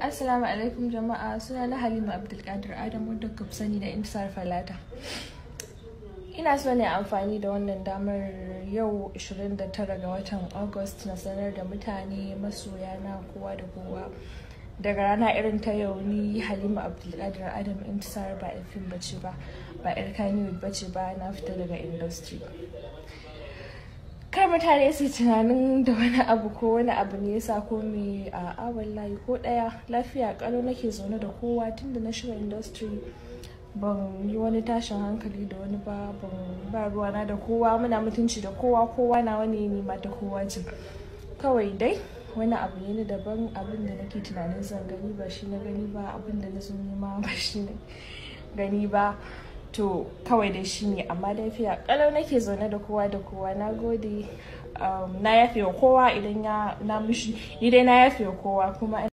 Assalamu alaikum jama'a suna na Halima Abdulkadir Adamu da sani da intisar Falata. Ina so ne amfani da wannan damar yau 29 ga watan August na sanar da mutane masoya na kowa da kowa. Daga rana irin ta yau ni Halima Abdulkadir Adam Imsar ba fim bace ba, ba 'yar bace ba na fita daga industry. kada mutane su tunanin da wani abu ko wani abu ne yasa ko me a layi ko daya lafiya kalo nake zaune da kowa tun da na shiga industry ban yi wani tashin hankali da wani ba ban ba ruwana da kowa muna mutunci da kowa kowa na wani ne mata kowa ce kawai dai wani abu ne na daban abin da nake tunanin zan gani ba shi na gani ba abin da na zo nema ba shi gani ba to kawai dai shi ne amma fiya kalau nake zaune da kowa da kowa na gode um, na yafe wa kowa idan na mishi ni na yafe wa kowa kuma